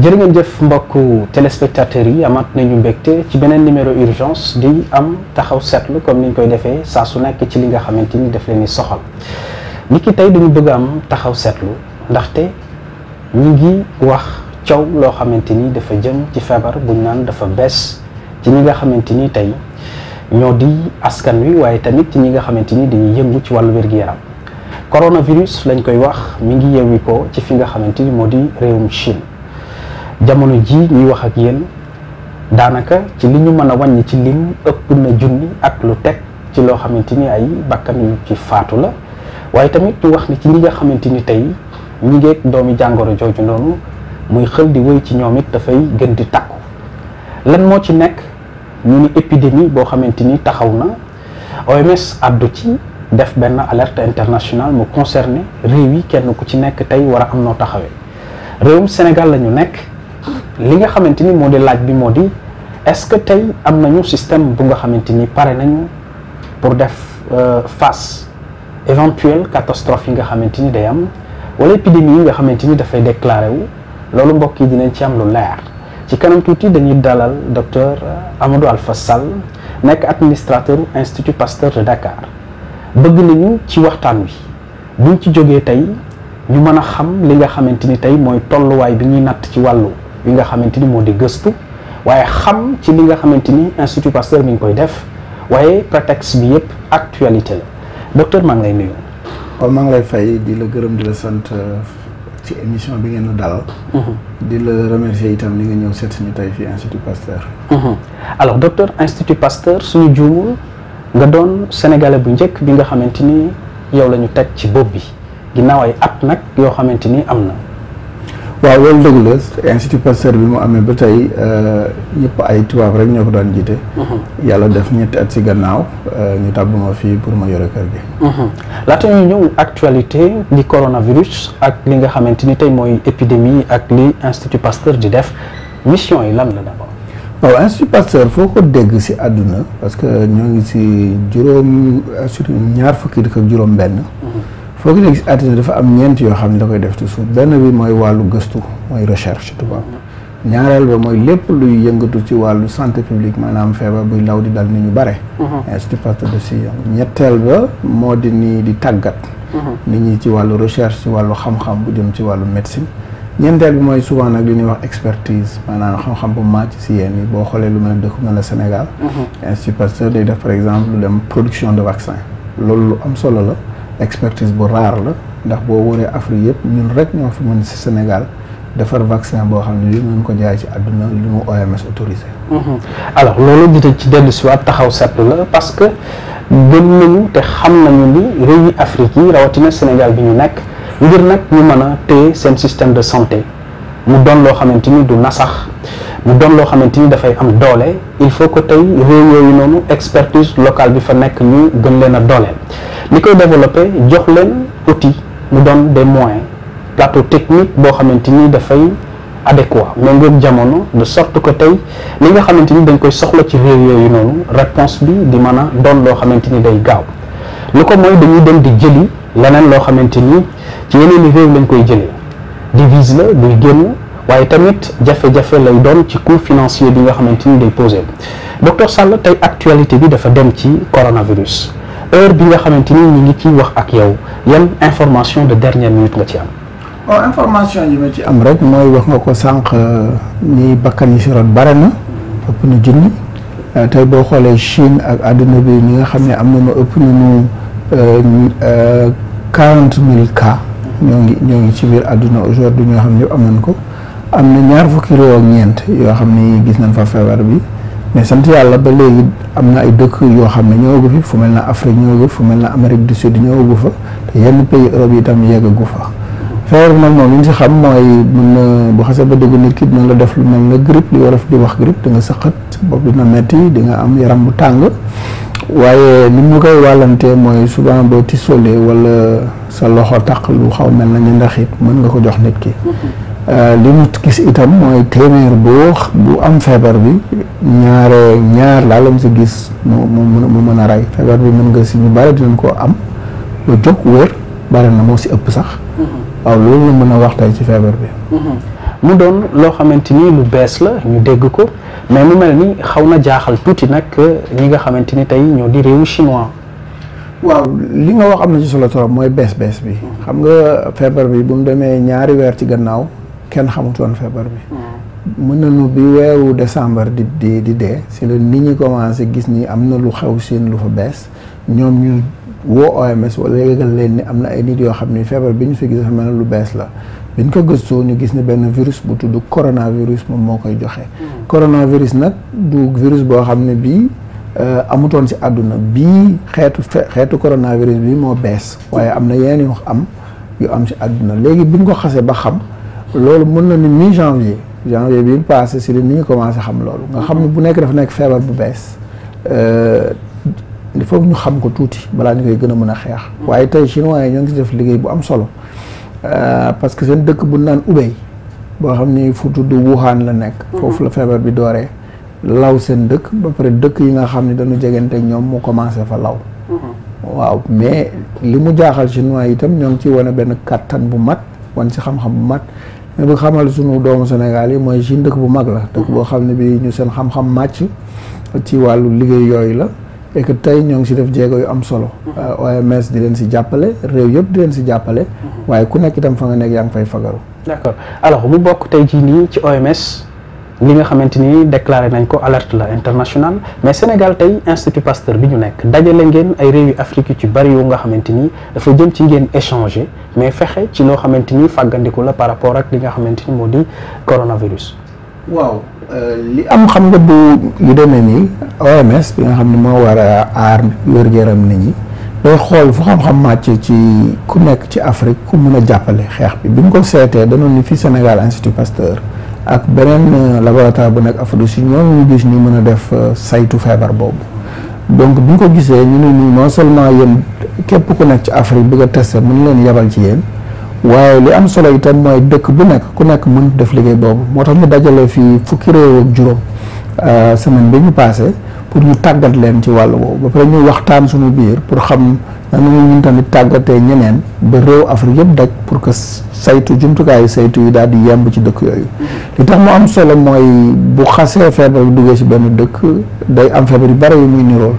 jërë ngeen jëf mbokk téléspectateurs yi amaat nañu mbégte ci beneen numéro urgence di am taxaw seetlu comme ni ñu koy defee saa su nekk ci li nga xamante ni daf leen di soxal ni ki tey dañu bëgg am taxaw seetlu ndaxte ñu ngi wax cow loo xamante ni dafa jëm ci feebar buñ naan dafa bees ci ñi nga xamante ni tey ñoo di askan wi waaye tamit ci ñi nga xamante ni dañuy yëngu ci wàllu wér-gu-yaram coronavirus lañ koy wax mu ngi yeewi ko ci fi nga xamante ni moo di réewum jamono ji ñuy wax ak yéen daanaka ci li ñu mën a wàññi ci lim ëpp na junni ak lu teg ci loo xamante ni ay bakkan yu ci faatu la waaye tamit ñu wax ni ci ñi nga xamante ni tey ñi ngeeg doomi jàngoro jooju noonu muy xël di wéy ci ñoom it dafay gën di takku lan moo ci nekk ñu ni épidémie boo xamante ni taxaw na OMS addu ci def benn alerte international mu concerné réew yi kenn ku ci nekk tey war a am noo taxawee réewum Sénégal la ñu nekk li nga xamante ni moo di laaj bi moo di est-ce que tey am nañu système bu nga xamante ni pare nañu pour def euh, fas éventuelle catastrophe yi nga xamante ni day am wala épidémie yi nga xamante ni dafay déclaré wu loolu mbokk yi dinañ ci am lu leer ci kanam tuuti dañuy dalal docteur Amadou Alpha Sall nekk administrateur institut Pasteur de Dakar bëgg nañu ci waxtaan wi buñ ci jógee tey ñu mën a xam li nga xamante ni tey mooy tolluwaay bi ñuy natt ci wàllu bi nga xamante ni moo di gëstu waaye xam ci li nga xamante ni institut Pasteur mi ngi koy def waaye prétexte bi yëpp actualité la docteur maa ngi lay nuyu. waaw maa ngi lay fay di la gërëm di la sant euh, ci émission bi ngeen la dalal. Mhm. di la remercier itam ni nga ñëw seet suñu tey fii institut Pasteur. Mhm. alors docteur institut Pasteur suñu juumul nga doon sénégalais bu njëkk bi nga xamante ni yow la ñu teg ci bopp bi ginnaaw ay at nag yoo xamante ni am na. waaw loolu dëgg la institut Pasteur bi mu amee ba tey euh, ñëpp ay tubaab rek ñoo ko daan jiite. Mhm. yàlla def ñetti at ci gannaaw euh, ñu tàbb ma fii pour ma yore kër gi. Mhm. laata ñuy ñëw actualité li coronavirus ak li nga xamante ni tey mooy épidémie ak li institut Pasteur di def mission yi lan la d'abord. waaw institut Pasteur foo ko dégg ci àdduna parce que ñoo ngi ci juróom surtout ñaar fukki dëkk ak juróom-benn. Mhm. foo ko gis artiste dafa am ñeent yoo xam ne da koy def toujours benn bi mooy wàllu gëstu mooy recherche tubaab ñaareel ba mooy lépp luy yëngatu ci wàllu santé publique maanaam feebar buy law di dal ni ñu bare. Mhm. stupate de si ñetteel ba moo di nii di tàggat. Mhm. nit ñi ci wàllu recherche ci wàllu xam-xam bu jëm ci wàllu médecine. ñeenteel bi mooy souvent nag li ñuy wax expertise maanaam xam-xam bu màcc ci yéen boo xoolee lu mel ne dëkk mel ne Sénégal. Mhm. Institut Pasteur day def par exemple lu dem production de vaccin loolu lu am solo la. expertise bu raar la ndax boo wëree Afrique yëpp ñun rek ñoo fi mën si Sénégal defar vaccin boo xam ne li mu ko jaay ci àdduna li mu OMS autorisé. Mhm. alors loolu dinañ ci dellu si waat taxaw seetlu la parce que gën nañu te xam nañu ni réew yi Afrique yi rawatina Sénégal bi ñu nekk ngir nag ñu mën a téye seen système de santé mu doon loo xamante ni du nasax. mu doon loo xamante ni dafay am doole il faut que tey réew yooyu noonu expertise locale bi fa nekk ñu gën leen a dooleel li koy développé jox leen outil mu doon des moyens plateau technique boo xamante ni dafay adéquat mais ngoog jamono de sorte que tey li nga xamante ni dañ koy soxla ci réew yooyu noonu réponse bi di mën a doon loo xamante ni day gaaw lu ko mooy dañuy dem di jëli leneen loo xamante ni ci yeneen i réew lañ koy jëlee divise la buy génn waaye tamit jafe-jafe lay doon ci coût financier bi nga xamante ni day posé docteur Sall tey actualité bi dafa dem ci coronavirus heure bi nga xamante ni ñu ngi ciy wax ak yow yan information de dernière minute nga ci am. waaw information yi ma ci am rek mooy wax nga ko sànq ñu euh, bakkan yi si rot bare na ëpp na junni euh, tey boo xoolee Chine ak àdduna bi ñi nga xam ne am na nañu ëpp nañu euh, quarante mille cas ñoo ngi ñoo ngi ci biir àdduna aujourd'hui ñoo xam ne am ko. am na ñaar fukki réew ak ñeent yoo xam ne gis nañ fa feebar bi mais sant yàlla ba léegi am na ay dëkk yoo xam ne ñëwagu fi fu mel na Afrique ñëwagu fu mel na Amérique du Sud ñëwagu fa te yenn pays Europe yi itam gu fa. feebar bi nag moom li ñu si xam mooy mën na bu xasee ba dégg nit ki dina la def lu mel na grippe li wolof di wax grippe da nga sëqat sa bopp dina metti di nga am yaram bu tàng waaye li mu koy wàllantee mooy souvent boo tisolee wala sa loxo taq lu xaw mel na ndax it mën nga ko jox nit ki. Euh, li ñu gis itam mooy téeméer boo bu am feebar bi ñaare ñaar laa lañ si gis mu mu mu mën a rey feebar bi mën nga si ñu bare dinañ ko am ba jóg wér bare na moo si ëpp sax. Mm-hmm. waaw loolu la mën a wax tey ci feebar bi. Mm-hmm. mu doon loo xamante ni lu bees la ñu dégg ko mais mu mel ni xaw na jaaxal tuuti nag euh, ñi nga xamante ni tey ñoo di réewu chinois. waaw li nga wax am na ci solo trop mooy bees bees bi. Mm-hmm. xam nga feebar bi bu mu demee ñaari weer ci gannaaw. kenn xamutoon feebar bi. Hmm. mën nañu bi weewu decembre di di di dee si la nit ñi commencé gis nii am na lu xew seen lu fa bees ñoom ñu woo OMS wala yëgal leen ni am na ay nit yoo xam ni feebar bi ñu fi gis dafa mel ne lu bees la. bi ñu ko gëstoo ñu gis ne benn virus bu tudd coronavirus moom moo koy joxe. Hmm. coronavirus nag du virus boo xam ne bii euh, amutoon si àdduna bii xeetu fe xeetu coronavirus bi moo bees hmm. waaye am na yeneen yu am yu am si àdduna léegi bi ñu ko xasee ba xam. loolu mën na ni mi janvier janvier bi passé si la nit ñi commencé xam loolu nga xam ne bu nekk dafa nekk feebar bu bees euh, il faut ñu xam ko tuuti balaa ñu koy gën a mën a xeex waaye tey chinois yi ñoo ngi si def liggéey bu am solo euh, parce que seen dëkk bu naan Ubey boo xam ni fu tudd Wuhan la nekk mhm. foofu la feebar bi dooree law seen dëkk ba pare dëkk yi nga xam ne dañu jegante ak ñoom mu commencé fa law mhm. waaw mu jaaxal chinois itam ñoo ngi ci wane benn kàttan bu mat wan ci xam-xam bu mat mais bu xamal sunu doomu Sénégal yi mooy Chine dëkk bu mag la. dëkk boo xam ne bii ñu seen xam-xam màcc ci wàllu liggéey yooyu la. et tey ñoo ngi si def jéego yu am solo. Mm-hmm. Euh, OMS di leen si jàppale réew yëpp di leen si jàppale. Mm-hmm. waaye ku nekk itam fa nga nekk yaa ngi fay fagaru. d'accord alors mu bokk tey jii nii ci OMS. li nga xamante ni déclaré nañ ko alerte la international mais Sénégal tey Institut Pasteur bi ñu nekk dajale ngeen ay réew yu Afrique yu ci bari nga xamante ni dafa jëm ci ngeen échanger mais fexe ci loo xamante ni fàggandiku la par rapport ak li nga xamante ni moo di coronavirus. waaw euh, li am xam nga bu yu demee nii OMS bi nga xam ne moo war a aar wér-gu-yaram nit ñi day xool fu xam-xam màcc ci ku nekk ci Afrique ku mën a jàppale xeex bi bi ñu ko seetee danoon ni fii Sénégal Institut Pasteur. ak beneen euh, laboratoire bu nekk Afrique du Sud ñoom ñu gis ñu mën a def euh, saytu feebar boobu donc bi ñu ko gisee ñu ne ñu non seulement yéen képp ku nekk ci Afrique bëgg a testé mën leen yebal ci yéen waaye li am solo itam mooy dëkk bu nekk ku nekk mën def liggéey boobu moo tax ñu dajale fii fukki réew ak juróom euh, semaine bi ñu passé pour ñu tàggat leen ci wàll boobu ba pare ñu waxtaan suñu biir pour xam nu ñun tamit tàggatee ñeneen ba réew Afrique yëpp daj pour que saytu jumtukaayu saytu yi daal di yemb ci dëkk yooyu li tax mu am solo mooy bu xasee feebar bi duggee ci benn dëkk day am feebar yu bare yu muy nirool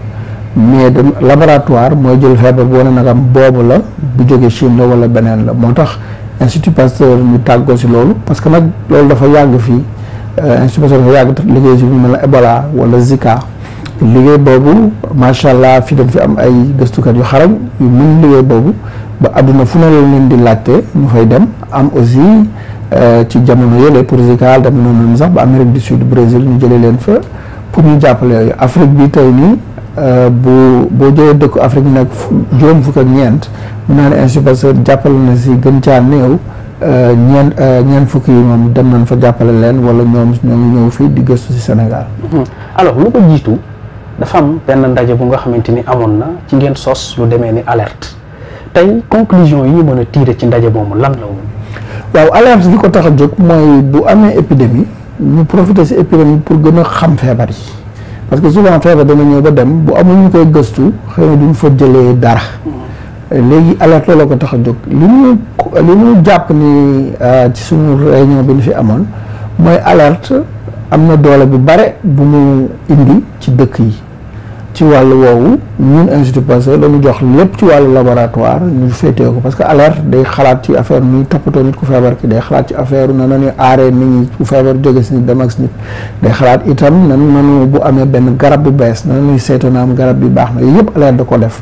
mais de laboratoire mooy jël feebar bu wane nag am boobu la bu jógee Chine la wala beneen la moo tax Institut Pasteur ñu tàggoo si loolu parce que nag loolu dafa yàgg fii euh, Institut Pasteur dafa yàgg liggéey si lu mel ne Ebola wala Zika liggéey boobu macha allah fi dañ fi am ay gëstukat yu xarañ yu mën liggéey boobu ba àdduna fu ne lañ leen di laajte ñu fay dem am aussi euh, ci jamono yële pour Zikal dem noonu sax ba Amérique du Sud Brésil ñu jëlee leen fa pour ñu jàppale yooyu Afrique bi tey nii euh, bu boo jëlee dëkku Afrique nag juróom fukk ak ñeent mun naa ne Institut Pasteur jàppale na si gën caa néew euh, ñeent ñeent fukk yi moom dem nañ fa jàppale leen wala ñoom ñoo ñëw fii di gëstu si Sénégal. Hmm. dafa benn ndaje bu nga xamante ni amoon na ci ngeen sos lu demee ni alerte tey conclusion yi ñu mën a tiire ci ndaje moomu lan la woon. waaw alerte li ko tax a jóg mooy bu amee épidémie ñu profiter si épidémie pour gën a xam feebar yi parce que souvent feebar dana ñëw ba dem bu amul ñu koy gëstu xëy na duñ fa jëlee dara. léegi alerte la ko tax a jóg li ñu li ñu jàpp ni euh, ci suñu réunion bi ñu fi amoon mooy alerte am na doole bu bare bu mu indi ci dëkk yi. ci wàll woowu ñun institut Pasteur dañu jox lépp ci wàllu laboratoire ñu féetee ko parce que alerte day xalaat ci affaire nuy toppatoo nit ku feebar ki day xalaat ci affaire na nañu aaree nit ñi ku feebar jóge si nit dem si nit day xalaat itam nan nanu bu amee benn garab bu bees na nañuy saytu na am garab bi baax na yooyu yëpp alerte da ko def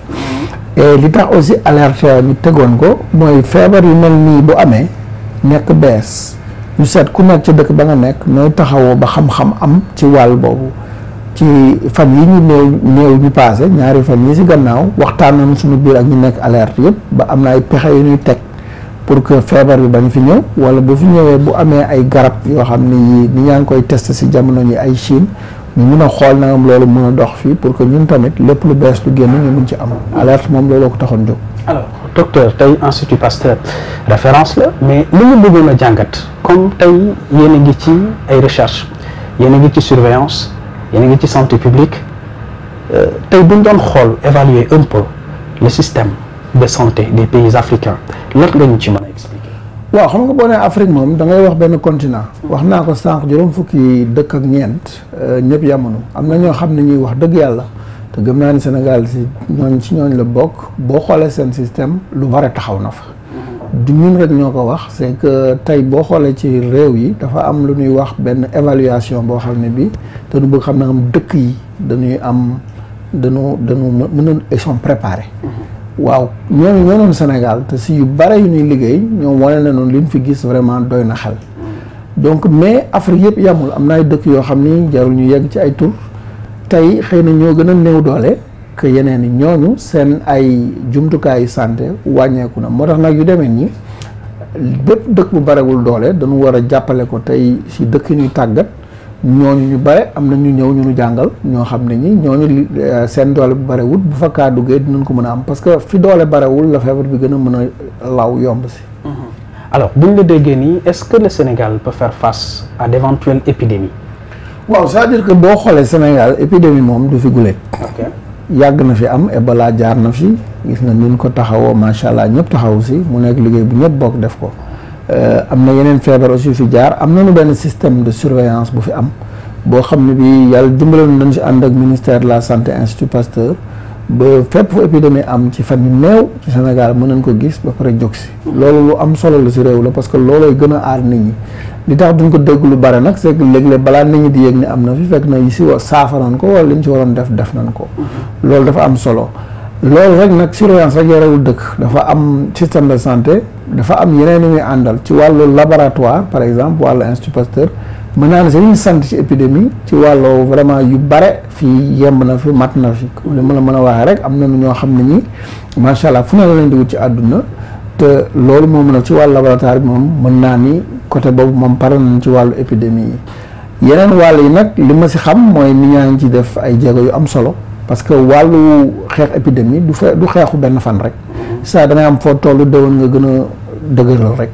et li tax aussi alerte ñu tegoon ko mooy feebar yu mel nii bu amee nekk bees ñu seet ku nekk ca dëkk ba nga nekk nooy taxawoo ba xam am ci wàll boobu ci fan yi ñu néew ñu passé ñaari fan yi si gannaaw waxtaan waxtaanoon suñu biir ak ñu nekk alerte yëpp ba am na ay pexe yu ñuy teg pour que feebar bi bañ fi ñëw wala bu fi ñëwee bu amee ay garab yoo xam ne yii ni ñaa ngi koy test si jamono yi ay Chine ñu mun a xool na am loolu mun a dox fii pour que ñun tamit lépp lu bees lu génn ñu mun ci am alerte moom looloo ko taxoon jóg. alors docteur tey institut Pasteur référence la mais li ñu bëggoon a jàngat comme tey yéen a ngi ci ay recherche yéen a ngi ci surveillance. yéen a ngi ci santé publique euh, tey bu ñu doon xool évaluer un peu système de santé des pays africains lan nga ñu ci mën a expliquer. waaw xam nga boo Afrique moom da ngay wax benn continent. wax naa ko sànq juróom fukki dëkk ak ñeent euh, ñëpp yamanu am na ñoo xam ne ñuy wax dëgg yàlla. te gëm naa ni Sénégal si ñooñ ci ñooñ la bokk boo xoolee seen système lu bare taxaw na fa du ñun rek ñoo ko wax c'est que tey boo xoolee ci réew yi dafa am lu ñuy wax benn évaluation boo xam ne bi te nu bëgg xam ne am dëkk yi dañuy am dañu dañu mën a ils mm-hmm. waaw ñooñu ñoo doon Sénégal te si yu bare yu ñuy liggéey ñoom wane na noonu li ñu fi gis vraiment doy na xel mm-hmm. donc mais Afrique yëpp yamul am na ay dëkk yoo xam ni jarul ñu yegg ci ay tur tey xëy na ñoo gën a néew doole ak yeneen i ñooñu seen ay jumtukaayu santé wàññeeku na moo tax nag yu demee nii bépp dëkk bu barewul doole dañu war a jàppale ko tey si dëkk ñuy tàggat ñooñu ñu bare am na ñu ñëw ñu nu jàngal ñoo xam ne ñi ñooñu euh, seen doole bu barewul bu fa kaa duggee dinañ ko mën a am parce que fi doole barewul la feebar bi gën a mën a law yomb si. Mm-hmm. alors buñ la déggee nii est-ce que le Sénégal peut faire face à d'éventuelles épidémies. waaw c'est-à-dire boo xoolee Sénégal épidémie moom du yàgg na fi am Ebola jaar na fi gis nga ni ko taxawoo macha allah ñëpp taxawu si mu nekk liggéey bu ñëpp bokk def ko euh, am na yeneen feebar aussi fi jaar am na nañu benn système de surveillance bu fi am boo xam ne bi yàlla dimbaloon dañ si ànd ak ministère de la santé institut Pasteur ba fépp fu épidémie am ci fan yi néew ci Sénégal mën nañ ko gis ba pare jóg si loolu lu am solo la si réew la parce que loolooy gën a aar nit ñi li tax duñ ko dégg lu bare nag c'est que léeg-léeg balaa nañu di yëg ne am na fi fekk na yi si saafaran ko wala li ñu si waroon def def nañ ko loolu dafa am solo loolu rek nag surveillance rek yorewul dëkk dafa am système de santé dafa am yeneen yu muy àndal ci wàllu laboratoire par exemple wàllu institut Pasteur mën naa ne si sant ci épidémie ci wàllu vraiment yu bare fii yemb na fi mat na fi li ma la mën a waxee rek am na ñoo xam ne nii macha allah fu ne la leen di ci àdduna te loolu moo mën a ci wàllu laboratoire bi moom mën naa ni côté boobu moom pare nañ ci wàllu épidémie yi yeneen wàll yi nag li ma si xam mooy nit ñaa ngi ci def ay jéego yu am solo parce que wàllu xeex épidémie du fe du xeexu benn fan rek saa da am foo tollu déwén nga gën a dëgëral rek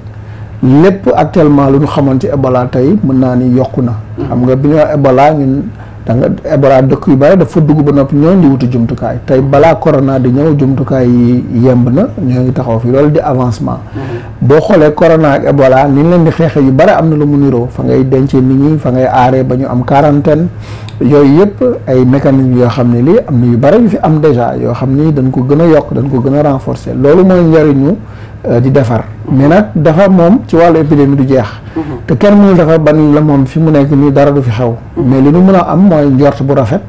lépp actuellement lu ñu xamoon ci Ebola tey mën naa ni yokku na xam nga bi ñu Ebola ñun da nga Ebola dëkk yu bëri dafa dugg ba noppi ñoo di wuti jumtukaay tey balaa corona di ñëw jumtukaay yi yemb na ñoo ngi taxaw fi loolu di avancement. Mm-hmm. boo xoolee corona ak Ebola ni leen di xeexee yu bare am na lu mu niroo fa ngay dence nit ñi fa ngay aaree ba ñu am quarantaine yooyu yëpp ay mécanismes yoo xam ne lii am na yu bëri yu fi am déjà yoo xam ni dañ ko gën a yokk dañ ko gën a renforcer loolu mooy njëriñu. Euh, di defar mais nag dafa moom ci wàllu épidémie du jeex mhm. te kenn mënul dafa ban la moom fi mu nekk nii dara du fi xew mhm. mais li ñu mën a am mooy njort bu rafet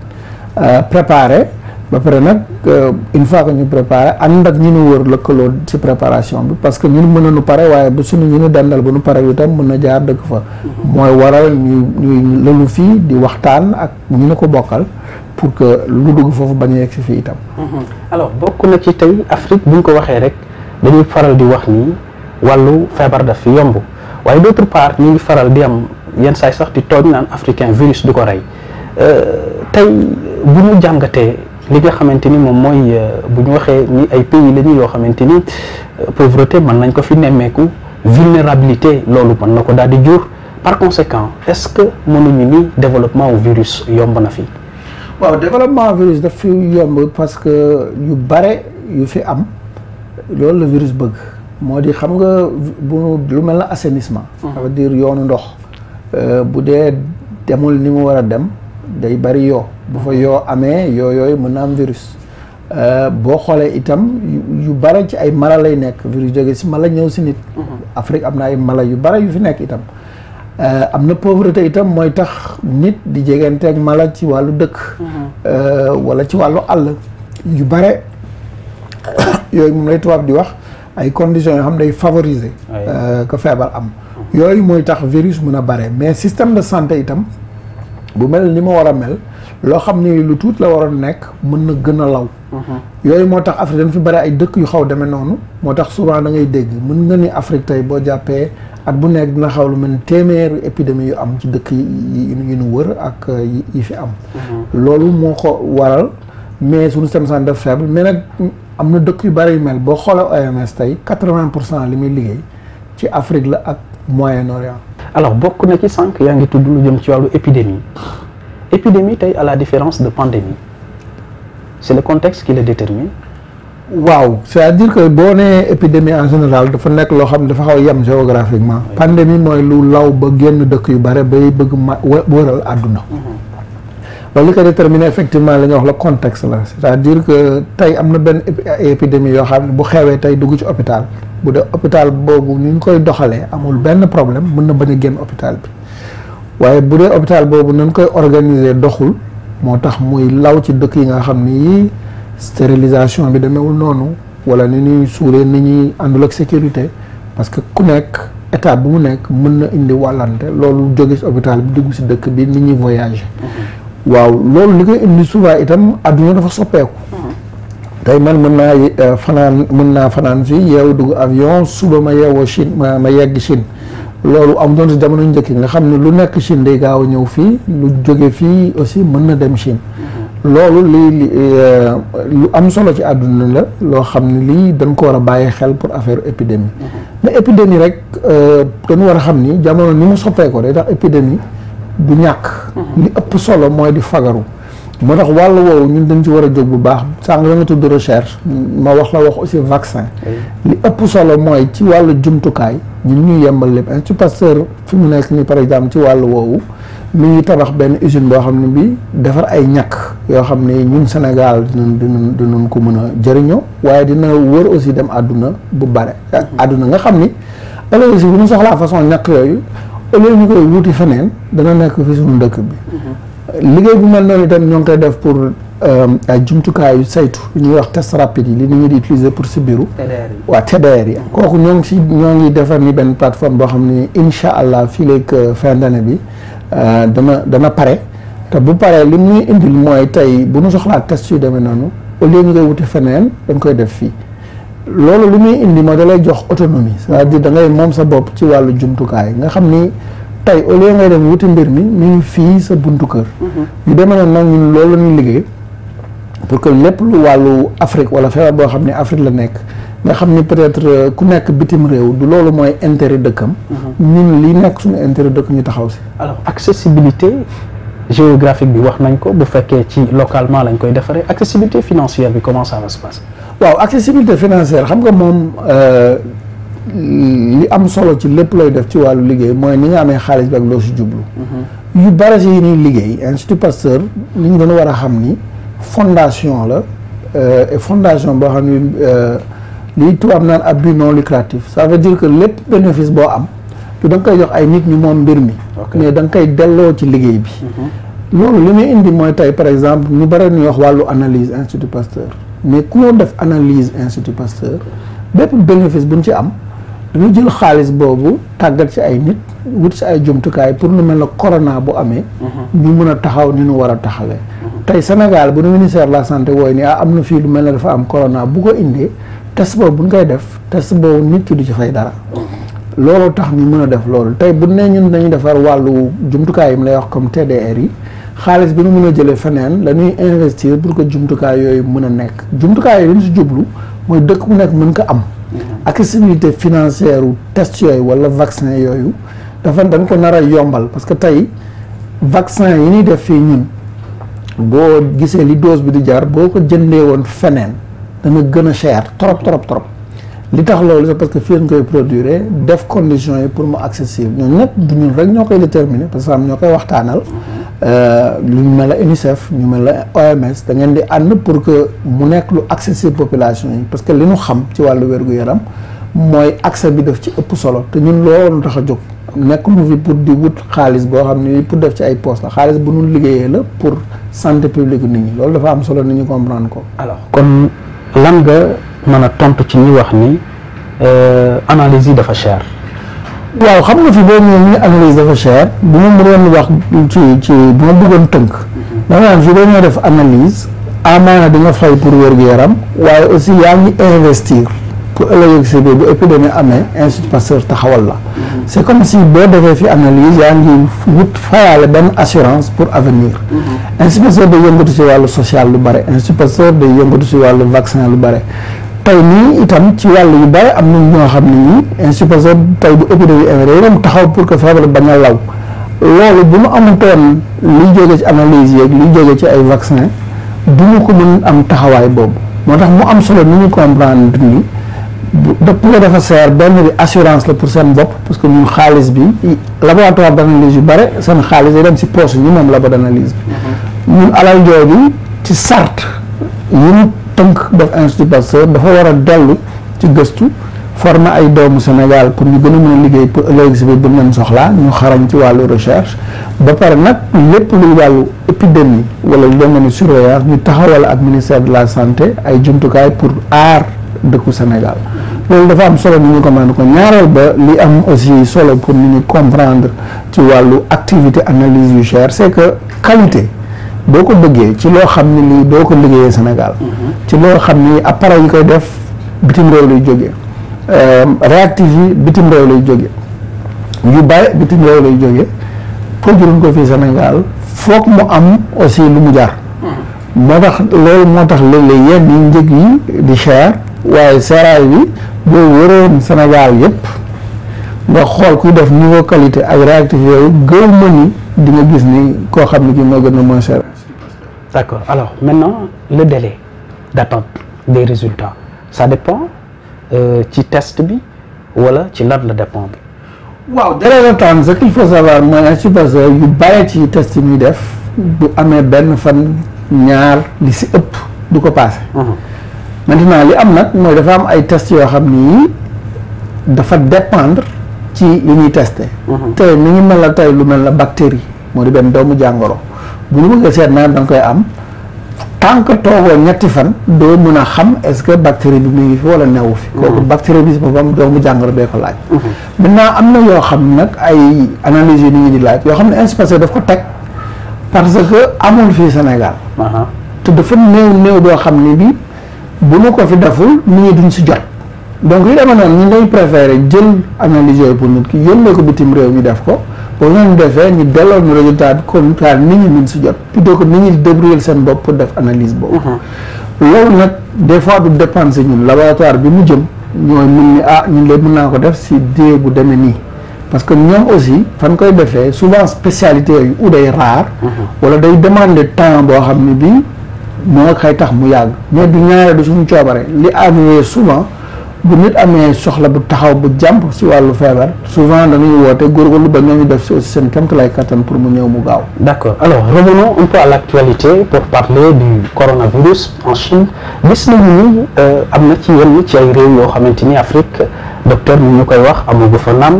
euh, préparé ba pare nag euh, une fois que ñu préparé ànd ak ñu nu wër lëkkaloo ci préparation bi parce que ñun mën nañu pare waaye bu suñu ñu nu dendal bu nu pare itam mën na jaar dëkk fa mhm. mooy waral ñu ñuy lëlu fii di waxtaan ak ñu nu ko bokkal pour que lu dugg foofu bañ a yegg si fii itam bokk na ci tey Afrique buñ ko waxee rek dañuy faral di wax ni wàllu feebar daf fi yomb waaye d' autre part ñu ngi faral di am yenn saay sax di tooñ naan africain virus du ko rey euh, tey bu mu jàngatee li nga xamante ni moom mooy euh, bu ñu waxee ni ay pays la yoo xamante ni euh, pauvreté mën nañ ko fi nemmeeku vulnérabilité loolu mën na ko daal di jur par conséquent est-ce que mënuñu ni développement virus yomb na fi. waaw développement virus daf fi yomb parce que yu bare yu fi am. loolu la virus bëgg moo di xam nga bu lu mel na assainissement mhm. ça veut dire yoonu ndox euh, bu dee demul ni mu war a dem day bari yoo bu fa yoo amee yoo yooyu mën na am virus euh, boo xoolee itam yu bare ci ay mala lay nekk virus jóge si mala ñëw si nit mhm. Afrique am na ay mala yu bare yu fi nekk itam euh, am na pauvreté itam mooy tax nit di jegenteeg mala ci wàllu dëkk mhm. wala ci wàllu àll yu bare yooyu moom lay tubaab di wax ay conditions yoo xam ne day favoriser ko euh, feebar am mm. yooyu mooy tax virus mën a bare mais système de santé itam bu mel ni ma war a mel loo xam ni lu tuut la waroon nekk mën na gën a law mm-hmm. yooyu moo tax Afrique dañ fi bare ay dëkk yu xaw demee noonu moo tax souvent da ngay dégg mën nga ni Afrique tey boo jàppee at bu nekk dina xaw lu mel ni téeméeru épidémie yu am ci dëkk yi nu wër ak euh, yi fi am mm-hmm. loolu moo ko waral mais suñu système santé def faible mais nag am na dëkk yu bari yu mel boo xoola OMS tey quatre-vingt pour cent li muy liggéey ci Afrique la ak Moyen-Orient. alors bokk na ci sànq yaa ngi tudd lu jëm ci wàllu épidémie épidémie tey à la différence de pandémie c'est le contexte qui le détermine. waaw c'est-à-dire que boo nee épidémie en général dafa nekk loo xam ne dafa xaw yem géographiquement. pandémie mooy lu law ba génn dëkk yu bare bay bëgg ma wëral àdduna. Mhm. loolu li koy déterminer effectivement li nga wax la contexte la c'est-à-dire que tey am na benn épidémie yoo xam ne bu xewee tey dugg ci hôpital bu dee hôpital boobu ni ñu koy doxalee amul benn problème mën na bañ a génn hôpital waaye bu dee hôpital boobu nañ koy organiser doxul moo tax muy law ci dëkk yi nga xam ni yii stérilisation bi demeewul noonu wala ni ñuy suuree ni ñuy àndul ak sécurité parce que ku nekk état bu mu nekk mën na indi wàllante loolu jóge ci hôpital bi dugg ci dëkk bi ni ñuy voyage waaw loolu li koy indi souvent itam adduna dafa soppeeku. tey man mën naa euh, fanaan mën naa fanaan fii yeewu dugg avion suba ma yeewoo Chine ma ma yegg Chine. loolu am doon si jamono njëkk nga xam ne lu nekk Chine day gaaw a ñëw fii lu jóge fii aussi mën na dem Chine. loolu lii li euh, lu am solo ci àdduna la loo xam ne lii dañ ko war a bàyyi xel pour affaire épidémie mais épidémie rek euh, dañu war a xam ni jamono ni mu soppee ko day tax épidémie du ñàkk. Mhm. li ëpp solo mooy di fagaru. moo tax wàll woowu ñun dañ ci war a jóg bu baax sànq da nga tudd recherche ma wax la wax aussi vaccin. li ëpp solo mooy ci wàllu jumtukaay ñun ñu yembal lépp Institut Pasteur fi mu nekk nii par exemple ci wàll woowu mu ngi tabax benn usine boo xam ne bi defar ay ñàkk yoo xam ne ñun Sénégal dinañ dinañ dinañ ko mën a jëriñoo waaye dina wër aussi dem àdduna bu bare. Mhm. àdduna nga xam ni ëllëg aussi bu ñu soxlaa façon ñàkk yooyu. au lieu ñu koy wuti feneen dana nekk fi suñu dëkk bi mhm. liggéey bu mel noonu itam ñoo ngi koy def pour euh, ay jumtukaayu saytu li ñuy wax test rapide yi li nit ñi di utiliser pour sibiru waa TDR yi kooku ñoo ngi si ñoo ngi defar ni benn plateforme boo xam ne incha allah fii léegi euh, fin d'année bi euh, dana dana pare te bu paree li muy indil mooy tey bu ñu soxlaa test yu demee noonu au lieu ñu koy wuti feneen dañ koy def fii loolu lu muy indi mooy dalay jox autonomie cest à da ngay moom sa bopp ci wàllu jumtukaay nga xam ni tey au lieu ngay dem wuti mbir mi ñu ngi fii sa buntu kër. Mm-hmm. ñu demee noonu nag ñun loolu la liggéey pour que lépp lu wàllu Afrique wala feebar boo xam ne Afrique la nekk nga xam ni peut-être euh, ku nekk bitim réew du loolu mooy intérêt dëkkam. Mm-hmm. ñun li nekk suñu intérêt dëkk ñu taxaw si. alors accessibilité. géographique bi wax nañ ko bu fekkee ci localement lañ koy defaree accessibilité financière bi comment ça va se waaw accessibilité financière xam nga moom euh, li am solo ci lépp looy def ci wàllu liggéey mooy ni nga amee xaalis bi ak loo si jublu. Mm-hmm. yu bare yi ñuy liggéey Institut Pasteur li ñu gën a war a xam ni fondation la euh, et fondation boo xam ni euh, liy tubaab naan ab but non lucratif ça veut dire que lépp bénéfice boo am du da koy jox ay nit ñu moom mbir mi. mais da nga koy delloo ci liggéey bi. Mm-hmm. loolu li muy indi mooy tey par exemple ñu bare ñuy wax wàllu analyse Institut Pasteur. mais ku ñoo def analyse institut Pasteur bépp bénéfice bu ñu ci am dañu jël xaalis boobu tàggat si ay nit wut si ay jumtukaay pour lu mel ne corona bu amee. Mhm. ñu mën a taxaw ni nu war a taxawee. tey Sénégal bu nu ministère la santé wooy ni ah am na fii lu mel ne dafa am corona bu ko indee test boobu bu ñu koy def test boobu nit ki du ci fay dara. looloo tax ñu mën a def loolu tey bu ne ñun dañuy defar wàllu jumtukaay yi mu lay wax comme TDR yi. xaalis bi nu mun a jëlee feneen la ñuy investir pour ko jumtukaay yooyu mën a nekk jumtukaay yooyu si jublu mooy dëkk bu nekk mën ko am. Mm-hmm. accessibilité financière wu test yooyu wala vaccin yooyu dafa dañ ko nar yombal parce que tey vaccin yi ñuy def fii ñun boo gisee li dose bi di jar boo ko jëndee woon feneen dana gën a cher trop trop trop li tax loolu c'est parce que fii koy produire def conditions yi pour mu accessible ñoo ñëpp du ñun rek ñoo koy déterminer parce que ñoo koy waxtaanal. Euh, lu mu mel la UNICEF mu mel la OMS da ngeen di ànd pour que mu nekk lu accessible population yi parce que li ñu xam ci wàllu wér-gu-yaram mooy accès bi def ci ëpp solo te ñun loolu tax a jóg nekk mu fi pour di wut xaalis boo xam ne pour def ci ay poste la xaalis bu ñu liggéeyee la pour santé publique nit ñi loolu dafa am solo nit ñi comprendre ko. alors kon lan nga mën a tontu ci ñi wax ni euh, analyse yi dafa cher. waaw xam nga fi boo ñëwee ñu analyse dafa cher bu ma mënoon wax ci ci bu ma bëggoon tënk da nga naan fi boo ñëwee def analyse amaana di nga fay pour wér-gu-yaram waaye aussi yaa ngi investir pour ëllëg bi bu épidémie amee institut Pasteur taxawal la c'est comme si boo defee fi analyse yaa ngi wut fayaale benn assurance pour avenir institut Pasteur day yëngatu si wàllu social lu bare institut Pasteur day yëngatu si wàllu vaccin lu bare tey nii itam ci wàll yu bari am na ñoo xam ne nii insuffisance tey bu épidémie yi dañu taxaw pour que feebar bañ a law loolu bu mu amutoon luy jóge ci analyse yeeg luy jóge ci ay vaccin du ñu ko mën am taxawaay boobu moo tax mu am solo ni ñu comprendre ni dëpp nga dafa seer benn bi assurance la pour seen bopp parce que ñun xaalis bi laboratoire d'analyse yu bare seen xaalis yi dem si poche ñu moom labo d'analyse bi mm-hmm. ñun alal jooju ci sart yi tënk def institut Pasteur dafa war a dellu ci gëstu former ay doomu Sénégal pour ñu gën a mën a liggéey pour ëllëg si biir bu leen soxlaa ñu xarañ ci wàllu recherche ba pare nag lépp luy wàllu épidémie wala lu demee ni surveillance ñu taxawal ak ministère de la santé ay jumtukaay pour aar dëkku Sénégal loolu dafa am solo ni ñu comprendre ko ñaareel ba li am aussi solo pour ni ñu comprendre ci wàllu activité analyse yu cher c'est que qualité boo ko bëggee ci loo xam ne lii doo ko liggéeyee senegal mm-hmm. ci loo xam ni appareil yi koy def bitim réew lay jógee euh, réactif yi bitim réew lay jóge yu bàyyi bitim réew lay jóge produiruñ ko fii Sénégal foog mu am aussi lu mu jaar mm-hmm. moo tax loolu moo tax léeg la yenn yi njëg yi di cher waaye seeraay bi boo wëroon Sénégal yëpp nga xool kuy def niveau qualité ak réactif yooyu gëw ma ni di nga gis ni koo xam ne kii moo gën a moins cher D'accord. Alors maintenant le délai d'attente des résultats ça dépend euh, ci test bi wala ci lan la dépendre. waaw délai d'attente ce qu'il faut savoir mooy ci parce test bi muy def bu amee benn fan ñaar li si ëpp du ko paase. Uh-huh. maintenant li am nag mooy dafa am ay test yoo xam ni dafa dépendre ci li ñuy teste uh-huh. te mi ngi mel la tey lu mel la bactérie moo di benn doomu jàngoro. bu ñu bëggee seet nawet dañ koy am tant que toogoo ñetti fan doo mën a xam est-ce que bactérie bi mu ngi fi wala newu fi kooku mm-hmm. bactérie bi si boppam doomu jàngoro bee ko laaj mm-hmm. maintenant am na yoo xam nag ay analyses yi ñu laaj yoo xam ne inspecteur daf ko teg parce que amul fii Sénégal uh-huh. te dafa néew boo xam ne bi bu nu ko fi deful nit ñi duñ si jot donc li demee noonu ñu lay préféré jël analyse yooyu pour nit ki yónnee ko bitim réew ñu def ko boo leen defee ñu delloo ñu résultat bi comme ça nit ñi mën si jot plutôt ko nit ñi débrouiller seen bopp pour def analyse boobu mhm. loolu nag des fois du dépenser ñun laboratoire bi mu jëm ñooy mun ni ah ñun léegi mën naa ko def si dée bu demee nii parce que ñoom aussi fan koy defee souvent spécialité yooyu ou day rare mhm. wala day demander temps boo xam ne bii moo kay tax mu yàgg mais du ñaare du suñu coobare li arrivé souvent bu nit amee soxla bu taxaw bu jàmp si wàllu feebar souvent na dañuy woote góorgóorlu ba ñooñu def si aussi seen kéemtalaay kattan pour mu ñëw mu gaaw. d'accord alors revenons un peu à l'actualité pour parler du coronavirus en Chine gis nañu ni euh, am na ci yenn ci ay réew yoo xamante ni Afrique docteur ñu koy wax amagu fa naam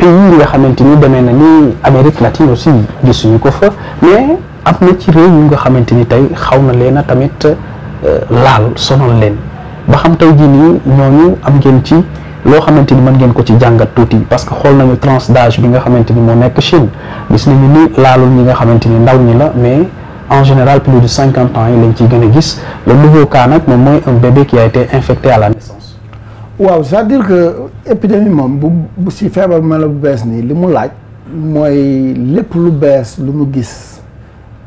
yi nga xamante ni demee na ni Amérique latine aussi suñu ko fa mais am na ci réew yu nga xamante ni tey xaw na leen a tamit euh, laal sonal leen. ba xam tey jii nii ñooñu am ngeen ci loo xamante ni mën ngeen ko ci jàngat tuuti parce que xool nañu tranche d'âge bi nga xamante ni moo nekk Chine gis nañu ni laalul ñi nga xamante ni ndaw ñi la mais en général plus de cinquante ans yi lañ ciy gën a gis le nouveau cas nag moom mooy un bébé qui a infecté à la naissance. waaw c'est-à-dire que épidémie moom bu bu si feebar mel bu bees nii li mu laaj. mooy lépp lu bees lu mu gis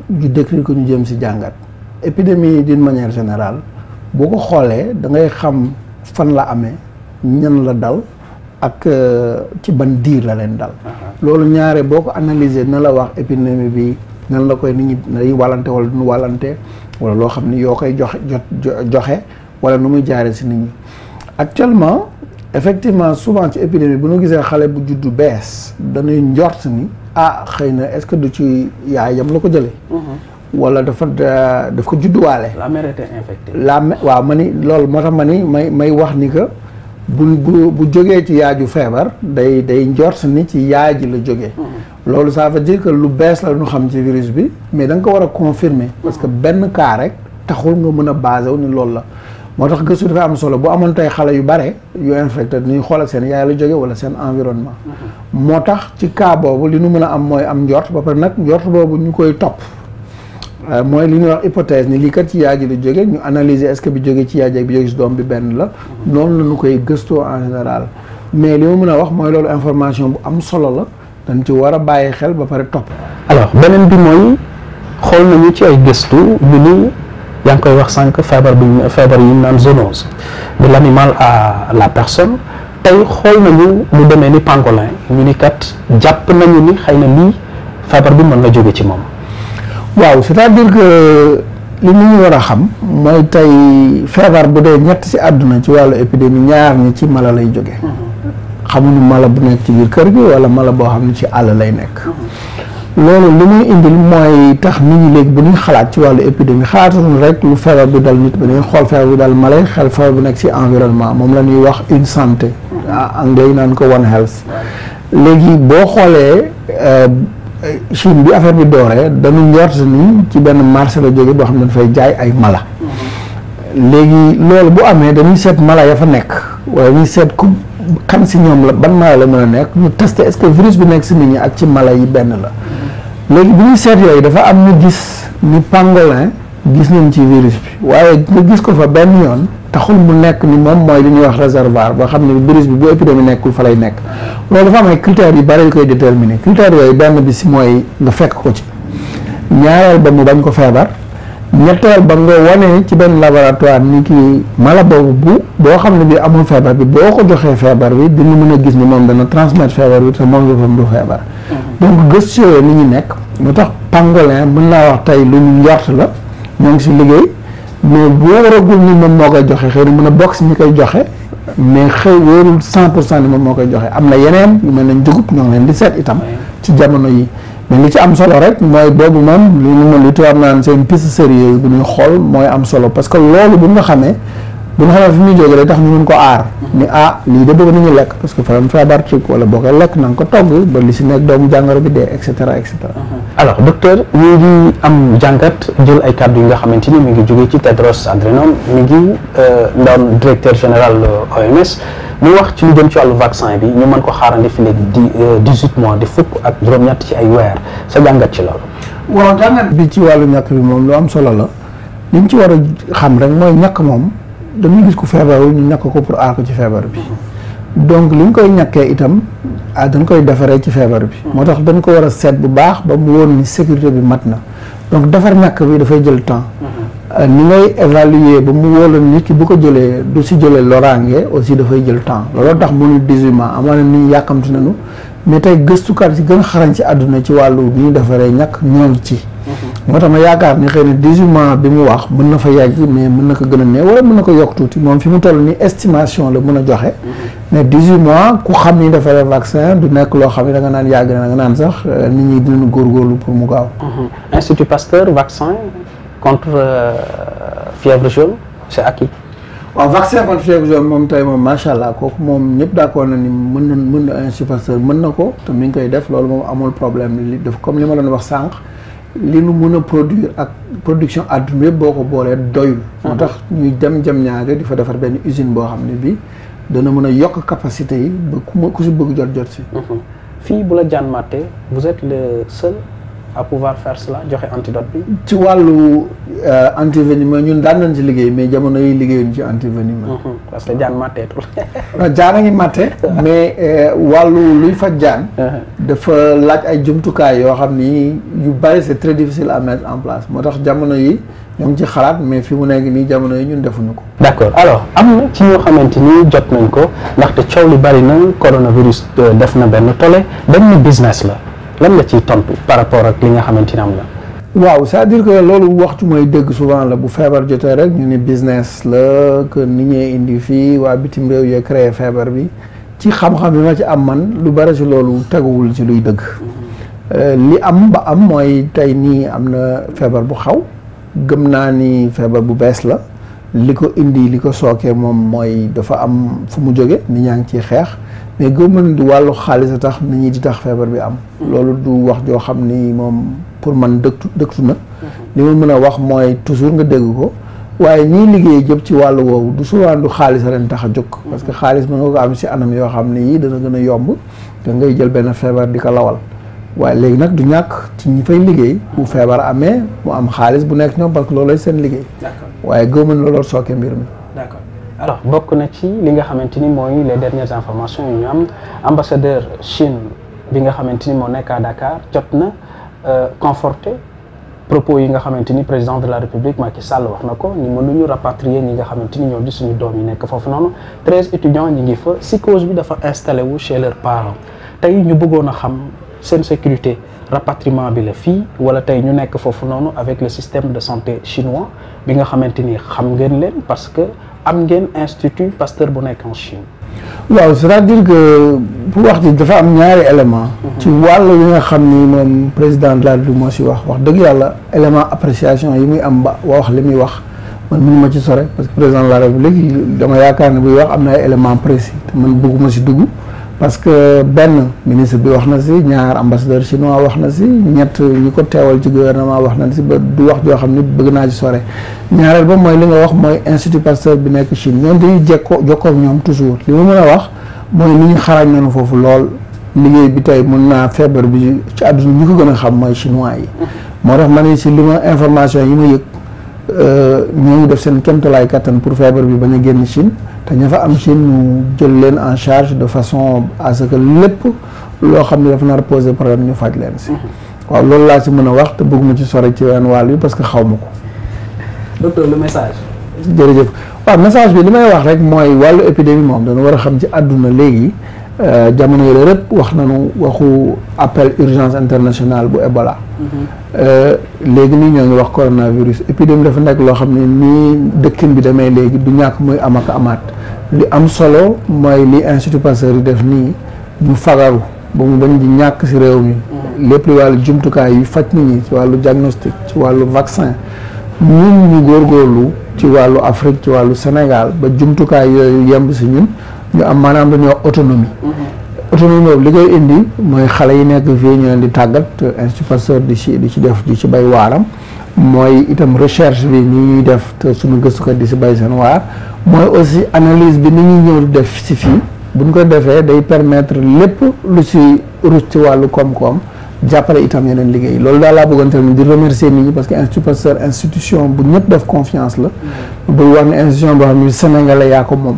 ñu décrire ko ñu jéem si jàngat épidémie d'une manière générale. boo ko xoolee da ngay xam fan la amee ñan la dal ak euh, ci ban diir la leen dal. loolu ñaare boo ko analyser na la wax épidémie bi nan la koy nit ñi dañuy wàllante wala duñu wàllante wala loo xam ni yoo koy joxe joxe wala nu muy jaaree si nit ñi actuellement effectivement souvent ci épidémie bu nu gisee xale bu juddu bees dañuy njort ni ah xëy na est-ce que du ci yaayam la ko jëlee. wala dafa euh, daf ko judduwaale. la mère était la waaw ma ni loolu moo tax ma ni may may wax ni que bu bu bu jógee ci yaaju feebar day day njort ni ci yaay ji la jóge mm-hmm. loolu ça veut dire lu bees la ñu xam ci virus bi mais da ko war a confirmer. parce que mm-hmm. benn kaar rek taxul nga mën a basé wu ni lool la. moo tax gëstu dafa am solo bu amoon tey xale yu bare yu infecté dañuy xool ak seen yaay la jóge wala seen environnement. Mm-hmm. moo tax ci cas boobu li nu mën a am mooy am njort boppa nag njort boobu ñu koy topp. Euh, mooy li ñuy wax hypothèse ni lii kat ci yaay ji la jóge ñu analyser est-ce que bi jóge ci yaay ji bi jóge ci doom bi benn la noonu na ñu koy gëstoo en général mais li ma mën a wax mooy loolu information bu am solo la dañ ci war a bàyyi xel ba pare topp alors beneen bi mooy xool nañu ci ay gëstu ñu ni yaa ngi koy wax sànq feebar bi feebar yi naan zoonose de l'animal à la personne tey xool nañu lu demee ni pangolin ñu ni kat jàpp nañu ni xëy na lii feebar bi mën na jóge ci moom waaw c'est-à-dire que li ñu war a xam mooy tey feebar bu dee ñett ci àdduna ci wàllu épidémie ñaar ñi ci mala lay jóge xamuñu mala bu nekk ci biir kër gi walla mala boo xam ne ci àll lay nekk loolu li muy indil mooy tax nit ñi léegi bu ñuy xalaat ci wàllu épidémie xalaatuñu rek lu feebar bu dal nit ba dañuy xool feebar bi dal mala xel feebar bu nekk ci environnement moom la ñuy wax une santé anglais ah, naan ko one health léegi boo xoolee euh, Chine eh, bi affaire bi dooree dañu njort ni ci benn marché la jóge boo xam ne dafay jaay ay mala léegi loolu bu amee dañuy seet mala ya fa nekk waaye ñu seet ku xam si ñoom la ban mala la mën a nekk ñu teste est-ce que virus bi nekk si nit ñi ak ci mala yi benn la léegi bu ñuy seet yooyu dafa am ñu gis ni pangolin gis nañ ci virus bi waaye nga gis ko fa benn yoon taxul mu nekk ni moom mooy li ñuy wax réservoir boo xam ne virus bi bu épidémie nekkul fa lay nekk loolu dafa am ay critères yu bari yu koy déterminer critères yooyu benn bi si mooy nga fekk ko ci ñaareel ba mu bañ ko feebar ñetteel ba nga wane ci benn laboratoire ni kii mala boobu bu boo xam ne bi amul feebar bi boo ko joxee feebar bi dina mën a gis ni moom dana transmettre feebar bi te moom boppam mm-hmm. du ni ñu nekk lu tax pangolin mën naa wax tey lu ñu la ñoo ngi si liggéey mais wóoragul ni moom moo koy joxe xëy na mën a bokk si ñi koy joxe mais xëy wóorul cent pour cent ni moom moo koy joxe am na yeneen yu mel nañ dugub ñoo ngi leen di seet itam ci jamono yi mais li ci am solo rek mooy boobu moom lu ñu mën li tubaab naan seen piste sérieuse bu ñuy xool mooy am solo parce que loolu bu nga xamee bu ñu xamee fi muy jóge tax ñu mën ko aar ni ah lii de bëgg nañu lekk parce que faram feebar truc wala boo koy lekk na ko togg ba li si nekk doomu et cetera et cetera uh-huh. alors docteur ñu ngi am jàngat jël ay kàddu yi nga xamante ni mi ngi jógee ci Tedros Adhanom mi ngi ndoon euh, directeur général OMS mu wax ci lu jëm ci wàllu vaccin bi ñu mën ko xaarandi fi léegi di euh, dix-huit mois di fukk ak juróom-ñett ci ay weer sa jàngat ci loolu waaw jàngat bi ci wàllu ñàkk bi moom lu am solo la liñ ci war a xam rek mooy ñàkk moom dañuy gis ku feebarul ñu ñàkk ko pour aar ko ci feebar bi donc li ñu koy ñàkkee itam ah dañ koy defaree ci feebar bi moo tax dañ ko war a seet bu baax ba mu woon ni sécurité bi mat na donc defar ñàkk bi dafay jël temps mm-hmm. ni ngay évaluer ba la nit ki bu ko jëlee du si jëlee loraange aussi dafay jël temps looloo tax mu ne 18 mois na nit ñi yàkkamti nañu mais tey gëstukat yi gën a xarañ ci àdduna ci wàllu ni ñu defaree ñàkk ñoo ci mm-hmm. moo tax ma yaakaar ni xëy na 18 mois bi mu wax mën na fa yàgg mais mën na ko gën a ne wala mën na ko yokk tuuti moom fi mu toll ni estimation la mën a joxe. Mm-hmm. mais 18 mois ku xam ni dafa def vaccin du nekk loo xam ne da nga naan yàgg na nga naan sax euh, nit ñi dinañu góorgóorlu pour mu gaaw. Mm-hmm. Institut Pasteur vaccin contre euh, fièvre jaune c'est acquis. waaw vaccin contre fièvre jaune moom tey moom macha allah kooku moom ñëpp d'accord na ni mën na mën na Institut Pasteur mën na ko te mi ngi koy def loolu moom amul problème li def comme li ma doon wax sànq. li nu mun a produire ak production àdduna yëpp boo ko boolee doyul. Hmm. moo tax ñuy dem jam ñaar di fa defar benn usine boo xam ne bii dana mun a yokk capacité yi ba ku ma ku si bëgg jot jot si. Hmm. fii bu la jaan màttee vous êtes le seul. à pouvoir faire cela joxe antidote bi. ci wàllu euh, antivenimeux ñun daan nañ ci liggéey mais jamono yi liggéeyuñ ci antivenimeux. parce que jaan màtteetul. jaan a ngi màtte mais euh, wàllu luy faj jaan. dafa laaj ay jumtukaay yoo xam ni yu bari c'est très difficile à mettre en place moo tax jamono yi ñoo ci xalaat mais fi mu nekk nii jamono yi ñun defuñu ko. d'accord alors am na ci ñoo xamante nii jot nañ ko ndaxte coow lu bari na coronavirus euh, def na benn tole benn business la. lan la ciy tontu par rapport ak li nga xamante ne am na. waaw cest dire que loolu waxtu mooy dëgg souvent la bu feebar jotee rek ñu ni business la que ni ñuy indi fii waa bitim réew yee créé feebar bi ci xam-xam bi ma ci am man lu bari si loolu teguwul ci luy dëgg euh, li am ba am mooy tey nii am na feebar bu xaw gëm naa ni feebar bu bees la li ko indi li ko sookee moom mooy dafa am fu mu jógee nit ñaa ngi ciy xeex mais gëmën di wàllu xaalis a tax nit ñi di tax feebar bi am mm-hmm. loolu du wax joo xam ni moom pour man dëktu dëktu na mm-hmm. li ma mën a wax mooy toujours nga dégg ko waaye ñii liggéey jëm ci wàll woowu du souvent du xaalis ren tax a jóg mm-hmm. parce que xaalis mën nga ko am si anam yoo xam ne yii dana gën a yomb nga ngay jël benn feebar di ko lawal waaye léegi nag du ñàkk ci ñi fay liggéey bu feebar amee mu am xaalis bu nekk ñoom parce que loolooy seen liggéey. waaye gëmën looloo sooke mbir mi. d'accord alors bokk na ci li nga xamante ni mooy les dernières informations ñu am ambassadeur Chine bi nga xamante ni moo nekk Dakar jot na euh, conforté propos yi nga xamante ni président de la république Macky Sall wax na ko ni mënuñu rapatrier ñi nga xamante ni ñoo di suñu doom yi nekk foofu noonu treize étudiants ñi ngi fa psychose bi dafa installé wu chez leurs tey ñu bëggoon xam. seen sécurité rapatriement bi la fii wala tey ñu nekk foofu noonu avec le système de santé chinois bi nga xamante ni xam ngeen leen parce que am ngeen institut Pasteur bu nekk en Chine. waaw c'est-à-dire que bu wax ji dafa am ñaari élément mhm. ci wàll yi nga xam ni moom président de la moo si wax wax dëgg yàlla élément appréciation yi muy am ba wax li muy wax man mënu ma ci sore parce que président la République dama yaakaar ne buy wax am na ay élément précis te man bëgguma si dugg parce que benn ministre bi wax na si ñaar ambassadeur chinois wax na si ñett ñi ko teewal ci gouvernement wax na si ba du wax joo xam ni bëgg naa ci sore ñaareel ba mooy li nga wax mooy institut Pasteur bi nekk Chine ñoom dañuy jekkoo jokkoo ak ñoom toujours li ma mën a wax mooy ni ñu xarañ nañu foofu lool liggéey bi tey mun naa feebar bi ci àdduna ñu ko gën a xam mooy chinois yi moo tax ma ne si li ma information yi ma yëg euh, ñoo ngi def seen kéemtalaay kattan pour feebar bi bañ a génn Chine te fa am Chine jël leen en charge de façon à que lépp loo xam ne dafa nar poser problème ñu faj leen si. waaw loolu laa si mën a wax te bëgguma ci sore ci wenn wàll bi parce que xaw ma ko. docteur le message. jërëjëf waaw message bi li may wax rek mooy wàllu épidémie moom dana war a xam ci àdduna léegi euh, jamono yooyu rëpp wax nañu waxu appel urgence internationale bu Ebola. Mhm. Euh, léegi nii ñoo ngi wax coronavirus épidémie dafa nekk loo xam ne nii dëkkin bi demee léegi du ñàkk muy am ak li am solo mooy li institut Pasteur yi def nii ñu fagaru ba mu bañ di ñàkk ci réew mi. lépp li wàllu jumtukaay yi faj nit ñi ci wàllu diagnostic ci wàllu vaccin ñun ñu góorlu ci wàll Afrique ci wàllu Sénégal ba jumtukaay yooyu yemb ci ñun ñu am maanaam dañoo autonomie. autonomie boobu li koy indi mooy xale yi nekk fii ñu leen di tàggat Institut Pasteur di ci di ci def di ci bay waaram mooy itam recherche bi ni ñuy def te suñu gëstukat di si bay seen waa mooy aussi analyse bi ni ñuy ñëw def si fii bu ñu ko defee day permettre lépp lu si rus ci wàllu koom-koom jàppale itam yeneen liggéey loolu daal laa bëggoon tamit di remercier nit ñi parce que Institut Pasteur institution bu ñëpp def confiance la mm. buy wax ne institution boo xam ne Sénégalais yaa ko moom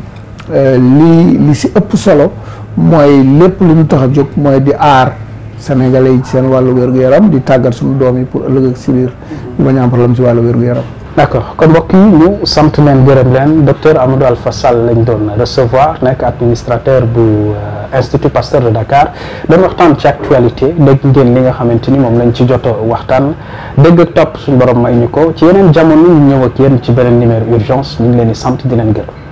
euh, li li si ëpp solo mooy lépp lu mu tax a jóg mooy di aar sénégalais yi ci seen wàll wér-gu-yaram di tàggat suñu doom yi pour ëllëg ak si biir ñu a am problème ci wàllu wér-gu-yaram. d' accord kon mbokk yi ñu sant leen gërëm leen docteur Amadou Alpha Sall lañ doon recevoir nekk administrateur bu euh, institut Pasteur de Dakar doon waxtaan ci actualité dégg ngeen li nga xamante ni moom lañ ci joto waxtaan dégg ak topp suñu borom may ñu ko ci yeneen jamono ñu ñëw ak ci beneen numéro urgence ñu ngi leen di sant di leen gërëm.